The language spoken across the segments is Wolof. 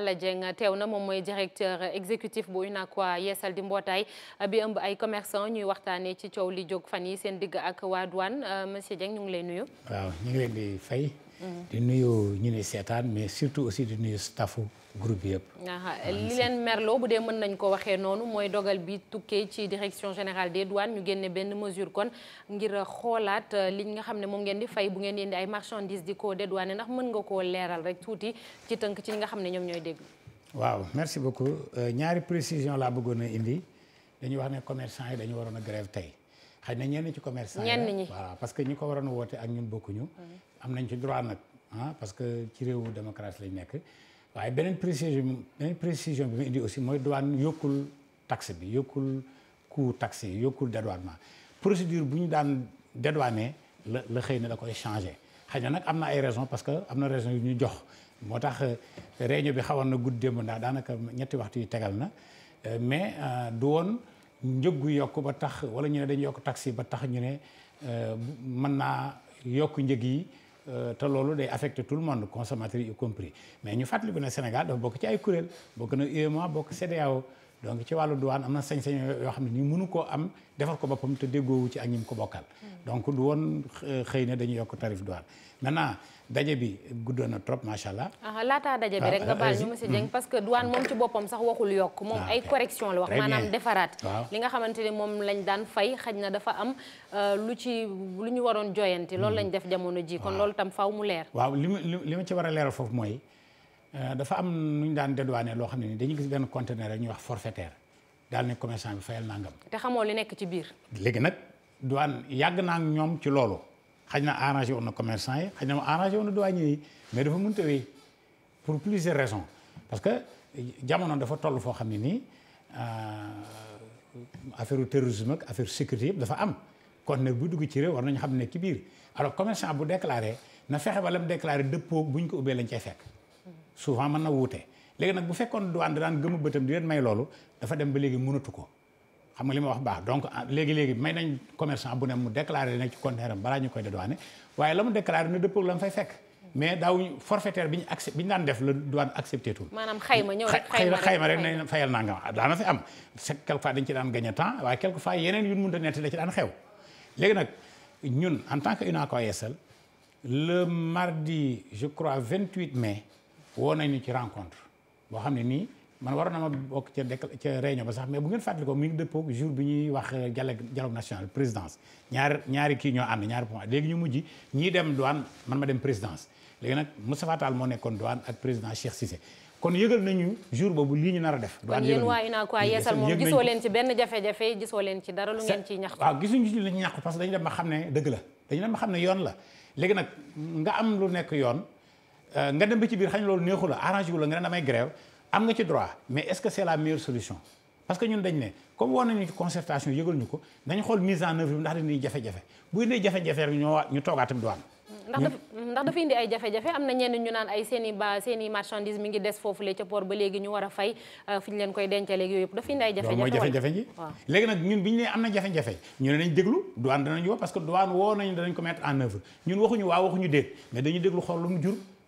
Alla Dieng teew na moom mooy directeur exécutif bu UNACOIS yeesal di mbootaay bi ëmb ay commerçant ñuy waxtaanee ci coow li jóg fan yi seen digg ak waa douane euh, monsieur Dieng ñu ngi lay nuyu. waaw ñu ngi leen di fay. Mm-hmm. di nuyu ñu ne seetaan mais surtout aussi di nuyu staffu. groupe yëpp. Ah, li leen merloo bu dee mën nañ ko waxee noonu mooy dogal bi tukkee ci direction général des douanes ñu génne benn mesure kon ngir xoolaat euh, li nga xam ne moom ngeen di fay bu ngeen indi ay marchandises di ko dédouané ndax mën nga ko leeral rek tuuti ci tënk ci li nga xam ne ñoom ñooy dégg. waaw merci beaucoup euh, ñaari précision laa bëggoon a indi dañuy wax ne commerçant yi dañu waroon a grève tey xëy na ñenn ci commerçant yi. ñenn ñi waaw parce que ñi ko waroon woote ak ñun bokkuñu. Mm. am nañ ci droit nag ah parce que ci réewu démocratie lañ nekk. waaye beneen précision précision bi mu indi aussi mooy douane yokkul taxe bi yokkul coût taxe yi yokkul dédouanement procédure bu ñu daan dédouané la la xëy na la koy changé xëy na nag am na ay raison parce que am na raison yu ñu jox moo tax euh, réunion bi xawoon na gudd démb ndax daanaka ñetti waxtu yi tegal na euh, mais euh, du woon njëggu yokk ba tax wala ñu ne dañu yokk taxe yi ba tax ñu ne mën naa yokk njëg yi Euh, te loolu day affecté tout le monde consommateurs yi compris mais ñu fàttaliku ne Sénégal dafa bokk ci ay kuréel bokk na UEMOA bokk CEDEAO donc ci wàllu duwaan am na sañ-sañ yoo xam ne nii mënu koo am defal ko boppam te déggoowu ci ak ñi ko bokkal. Hmm. donc du woon euh, xëy na dañuy yokk tarif douane maintenant daje bi guddoon na trop macha allah. Ah, laataa daje bi ah, rek nga baal ñu euh, monsieur Dieng hmm. parce que douane moom ci boppam sax waxul yokk. Ah, moom ay correction la wax maanaam defaraat. li nga xamante ne moom lañ daan fay xaj na dafa am euh, lu ci lu ñu waroon joyanti loolu lañ hmm. def jamono ji kon loolu tam faw mu leer. waaw li ma li ma ci war a leeral foofu mooy. Euh, dafa am nu ñu daan dédouané loo xam ne nii dañuy gis benn conteneur rek ñu wax forfaitaire daal ne commerçant bi fayal nangam. te xamoo li nekk ci biir. léegi nag douane yàgg naa ak ñoom ci loolu xaj na arrangé woon na commerçant yi xaj na mu arrangé woon na douanier yi mais dafa mënut te wéy pour plusieurs raison parce que jamono dafa toll foo xam ne nii euh, affaire terrorisme ak affaire sécurité yëpp dafa am conteneur bu dugg ci rek war nañu xam ne ci biir alors commercant bu déclaré na fexe ba la mu déclaré dëppoo ko ubbee lañ cay fekk. souvent man na wuute léegi nag bu fekkoon du ànd daan gëmu bëtam di leen may loolu dafa dem ba léegi mënatu ko xam nga li ma wax baax donc léegi-léegi ah, may nañ commerçant bu ne mu déclaré nekk ci conteneur am balaa ñu koy dédouané waaye la mu déclaré na dëppoo la mu fay fekk mais daawuñ forfaitaire bi ñu accep bi ñu daan def la douane accepté tul. maanaam xayma ñëw rek xayma rek xayma rek nañ fayal nangam ah, daana fi am. c' est quelque fois dañ ci daan gagné temps waaye quelque fois yeneen nag ñun en tant que UNACOIS Yeesal le mardi je crois 28 mai. woo nañ ñu ci rencontre boo xam ne nii man waroon a ma bokk ca décl ca réunion ba sax mais bu ngeen fàttali ko mi ngi dëppoo jour bi ñuy wax euh, dialogue dialogue présidence ñaari kii ñoo ànd ñaari point léegi ñu mujj ñii dem douane man ma dem présidence léegi nag Moustapha Tall moo nekkoon douane ak président Cheikh Cissé kon yëgal nañu jour boobu lii ñu nar a def. douane yëgal nañu kon yéen waa Yeesal moom gisoo leen ci benn jafe-jafe gisoo leen ci dara lu ngeen ciy ñaxtu. ci li parce que dañu dem xam ne dëgg la dañu dem xam ne yoon la léegi nag nga am lu nekk yoon Euh, nga dem ba ci biir xañ loolu neexu la nga ne damay grève am nga ci droit mais est-ce que c'est la meilleure solution parce que ñun dañ ne comme ñu en œuvre na ñenn ñu naan ay seen i i marchandise mi ngi des foofule ca port ba euh, ñun bi ñu ne am na jafe-jafe ñu ne nañ déglu douane danañu waxuñu waaw waxuñu déet mais dañu déglu xool mu jur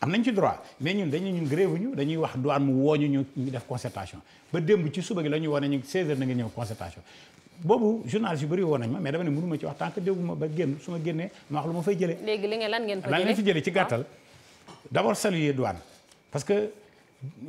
am nañ ci droit mais ñun dañu ñun grève ñu dañuy wax douane mu wooñu ñu ñu def concertation ba démb ci suba gi lañuy ñu woo ñu 16h na nga ñëw concertation boobu journaliste yu bëri woon nañ ma mais dama ne mënu ma ci wax tant que dégguma ba génn su ma génnee ma wax lu ma fay jëlee. léegi ngeen lan ngeen fa jëlee lan ngeen fi jëlee ci gàttal ah. d'abord saluer duwaan parce que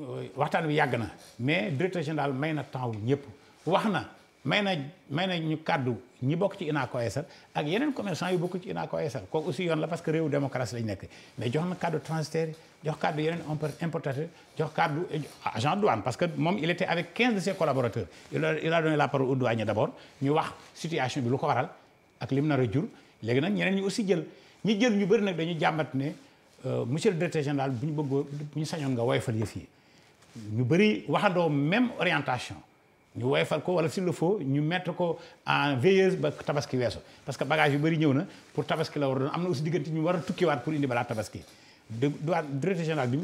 euh, waxtaan bi yàgg na mais directeur général may na temps wu ñëpp wax na. may na may na ñu kàddu ñi bokk ci UNACOIS ak yeneen commercant yu bokk ci UNACOIS kooku aussi yoon la parce que réewu démocratie lañ nekk mais jox na kàddu transitaire jox kàddu yeneen importateur jox kàddu eh, ah, agent douane parce que moom il était avec 15 de ses collaborateurs il a il la parole aux douaniers d' abord ñu wax situation bi lu ko waral ak lim nar a jur léegi nag ñeneen ñi aussi jël ñi jël ñu bëri nag dañu jàmbat ne euh, monsieur le directeur général bu ñu bëggoo bu ñu sañoon nga woyofal yëf yi ñu bëri waxandoo même orientation. ñu woyofal ko wala si le faut ñu mettre ko en veilleuse ba tabaski weesu parce que bagage yu bëri ñëw na pour tabaski la war a doon am na aussi diggante ñu war a tukkiwaat pour indi balaa tabaski dé directeur général bi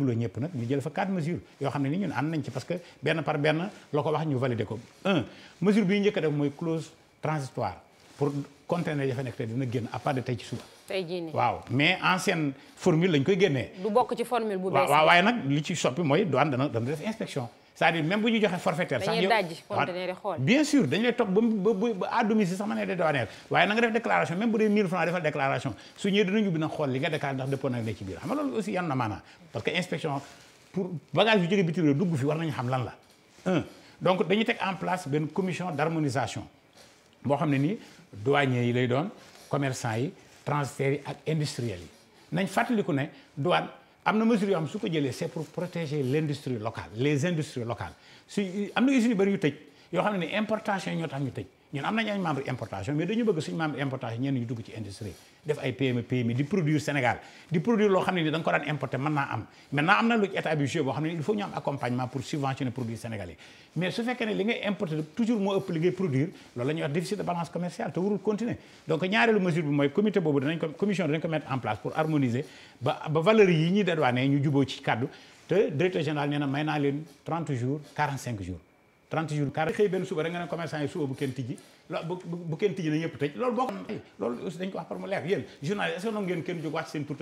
mu ñëpp nag ñu jël fa quatre mesures yoo xam ne ni ñun ànd nañ ci que benn benn la ko wax ñu validé ko un mesure bi njëkk a def mooy clause transitoire pour conteneur dafa nekk dina génn à part tey ci suba. tey jii waaw mais ancienne formule lañ koy génnee. du bokk ci formule bu bees. waaw waaye nag li ci soppi mooy douane dana dana def inspection. c'est-à-dire même bu ñu joxe forfaitaire sax yow bien sûr dañu lay topp ba ba à domicile sax mën na def waaye na def déclaration même bu dee 1000 francs defal déclaration su ñëwee dinañu bi na xool li nga déclaré ndax nag la ci biir xam nga loolu aussi yan na maanaam parce que inspection pour bagage yu jóge bitim réew dugg fi war nañu xam lan la un donc dañuy teg en place benn commission d'harmonisation boo xam ne nii douanier yi lay doon commerçant yi transitaires yi yi am na mesure yoo xam su ko jëlee c'est pour protéger l'industrie locale les industries locales su am na usines yu bëri yu tëj yoo xam ne importation yi ñoo tax ñu tëj ñun am nañ ay membre importation mais dañu bëgg suñu membre importation ñenn ñu dugg ci industrie def ay PME PMI di produire Sénégal di produire loo xam ne ni da nga ko daan importer mën naa am maintenant am na lu état bi joué boo xam ne il faut ñu am accompagnement pour subventionner produits sénégalais mais su de balance commerciale te warul continuer donc ñaareelu mesure bi mooy comité boobu danañ ko commission danañ ko mettre en place pour harmoniser ba ba yi ñuy dédouané ñu juboo ci kàddu te directeur général 30 jours car xëy benn suba rek nga ne commerçant yi suba bu kenn tijji bu bu kenn tijji na ñëpp tëj loolu boo ko eh, loolu aussi dañ ko wax par seen tur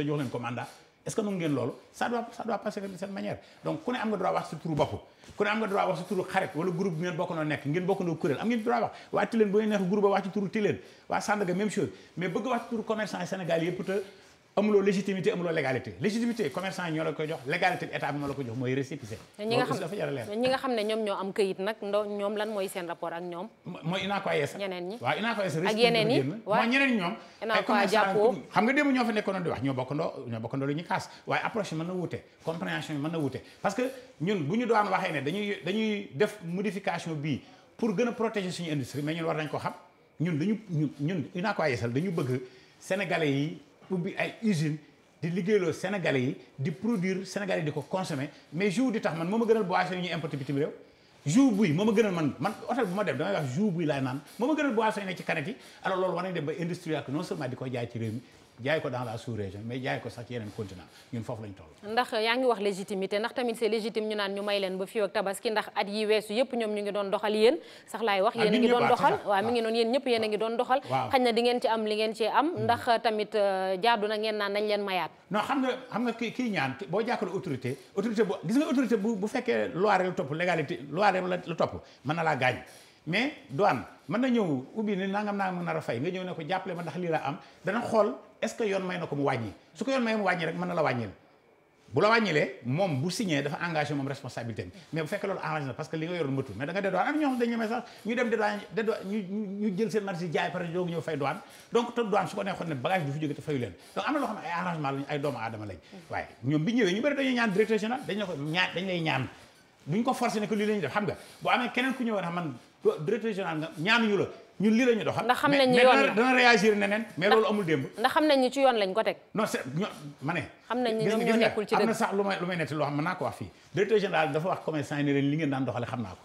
donc ku ne am nga droit wax sa turu bopp ku ne am nga droit wax sa turu xarit wala groupe ngeen bokk nekk ngeen bokk noo am ngeen droit wax waa bu ngeen nekk groupe wax ci turu Tilène waa Sandaga même chose mais bëgg wax ci turu commerçant yi Sénégal yëpp amuloo légitimité amuloo légalité légitimité commerçant ñoo la koy jox légalité bi état bi moo la ko jox mooy récépissé. ñi nga xam a leer ñi ne ñoom ñoo am këyit nag ndo ñoom lan mooy seen rapport ak ñoom. mooy Unacois ñoo fa nekkoon di wax ñoo bokkandoo ñoo bokkandoo lu ñu kaas waaye approche mën que ñun ñu doon waxee ne dañuy dañuy def pour gën a protéger suñu industrie mais ñun war nañ ko xam ñun dañu ñun Unacois Yessal dañu bëgg sénégalais yi ubbi ay usine di liggéeyloo Sénégalais yi di produire Sénégalais yi di ko consommer mais jour di tax man moo ma gënal boisson yi ñuy importé bitim réew jour buy moo ma gënal man man hôtel bu ma dem damay wax jour buy laay naan moo ma gënal boisson yi ne ci canette yi alors loolu war nañ dem ba industrie ak non seulement di ko jaay ci réew mi jaay ko dans la sous-région mais jaay ko sax yeneen continent ñun foofu lañ toll. ndax yaa ngi wax légitimité ndax tamit c'est légitime ñu naan ñu may leen ba fii ak tabaski ndax at yi weesu yëpp ñoom ñu ngi doon doxal yéen sax laay wax ah, ah. yéen a ngi doon doxal waaw mi ngi noonu yéen ñëpp yéen a ngi doon doxal xañ na di ngeen ci am li ngeen mm-hmm. ndax tamit euh, jaadu na ngeen naan nañ leen mayaat non xam nga xam nga kii kii ñaan boo jàkkaarloo autorité autorité bu gis nga autorité bu bu fekkee loi rek la topp légalité loi rek la topp mën na laa gaañ mais na ñëw ubbi ni nangam a fay nga ñëw ne ko jàppale ma ndax lii la am dana xool est-ce que yoon may na ko mu wàññi su ko yoon may mu wàññi rek mën na la wàññil bu la wàññilee moom bu signé dafa engagé responsabilité mais bu fekkee loolu engagé parce que li nga yor mëtu mais da nga am ñoo xam ñëw fay douane ko neexoon ne bagage du fi jóge te fayu leen donc am na loo xam ne ay arrangement lañ ñu ko ñaan dañ lay ñaan def xam nga bu amee keneen ku ñëwoon xam man directeur général nga la ñun lii la ñu ndax xam nañ ci yoon lañ ko teg. non c' xam nañ ni nekkul ci dëgg dafa wax commerçant yi ne leen li ngeen daan doxale xam naa ko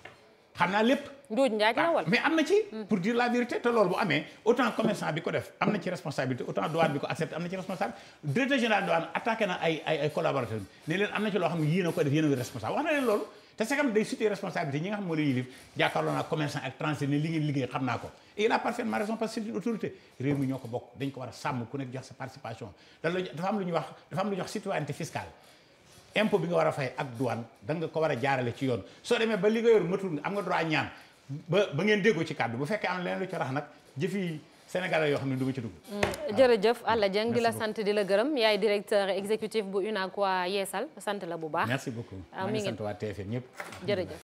xam naa lépp. njuuj njaaj la ah, mais am na ci. Hmm. pour dire la vérité te loolu bu amee autant commerçant bi ko def am na ci responsabilité autant douane bi ko accepté am na ci responsabilité directeur général na ay ay ay ne leen am na ci loo xam ne a ko def yéen a responsable wax na leen te segam day situé responsabilité ñi nga xam moo leen yilif jàkkaarloo naa commerçant ak transit ne liggéey xam naa ko et il a parfaitement raison parce autorité réew mi ñoo ko bokk dañ ko war a sàmm ku nekk jox sa participation dafa am lu dafa am lu ñuy wax citoyenneté fiscale impôt bi nga war a fay ak douane da nga ko war a jaarale ci yoon soo demee ba li nga yor matul am nga droit ñaan ba ba ngeen déggoo ci kàddu bu fekkee am leen lu ci rax sénégal yoo xam ne du ma ci dugg. Mm, jërëjëf Alla Dieng di la sant di la gërëm yaay directeur exécutif bu UNACOIS Yeesal sant la bu baax. merci beaucoup ah, maa ngi sant waa TFM ñëpp jërëjëf.